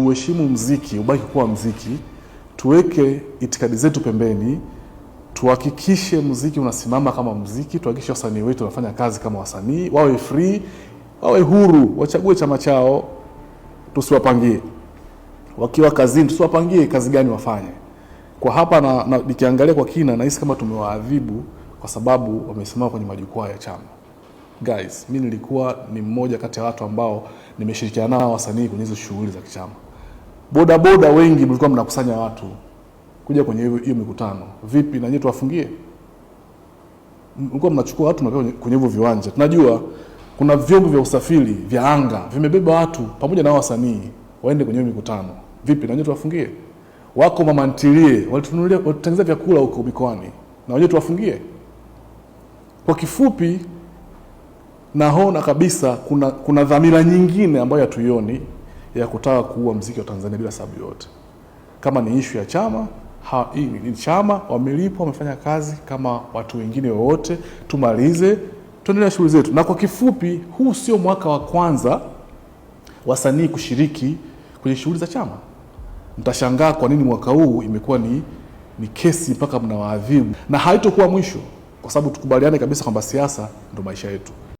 Uheshimu mziki ubaki kuwa mziki, tuweke itikadi zetu pembeni, tuhakikishe mziki unasimama kama mziki, tuhakikishe wasanii wetu wanafanya kazi kama wasanii, wawe free, wawe huru, wachague chama chao, tusiwapangie. Wakiwa kazini, tusiwapangie kazi gani wafanye. Kwa hapa na, na, nikiangalia kwa kina nahisi kama tumewaadhibu kwa sababu wamesimama kwenye majukwaa ya chama. Guys, mi nilikuwa ni mmoja kati ya watu ambao nimeshirikiana nao wasanii kwenye hizo shughuli za kichama boda boda wengi mlikuwa mnakusanya watu kuja kwenye hiyo mikutano, vipi na nyinyi tuwafungie? Mlikuwa mnachukua watu mnapeleka kwenye hivyo viwanja. Tunajua kuna vyombo vya usafiri vya anga vimebeba watu pamoja na wasanii waende kwenye hiyo mikutano, vipi na nyinyi tuwafungie? Wako mama ntilie walitununulia walitengeneza vyakula huko mikoani, na wenyewe tuwafungie? Kwa kifupi, naona kabisa kuna, kuna dhamira nyingine ambayo hatuioni ya kutaka kuua mziki wa Tanzania bila sababu yoyote. Kama ni ishu ya chama ha, ini, ni chama wamelipwa, wamefanya kazi kama watu wengine wowote, tumalize tuendelee shughuli zetu. Na kwa kifupi, huu sio mwaka wa kwanza wasanii kushiriki kwenye shughuli za chama. Mtashangaa kwa nini mwaka huu imekuwa ni, ni kesi mpaka mnawaadhibu, na haitokuwa mwisho, kwa sababu tukubaliane kabisa kwamba siasa ndo maisha yetu.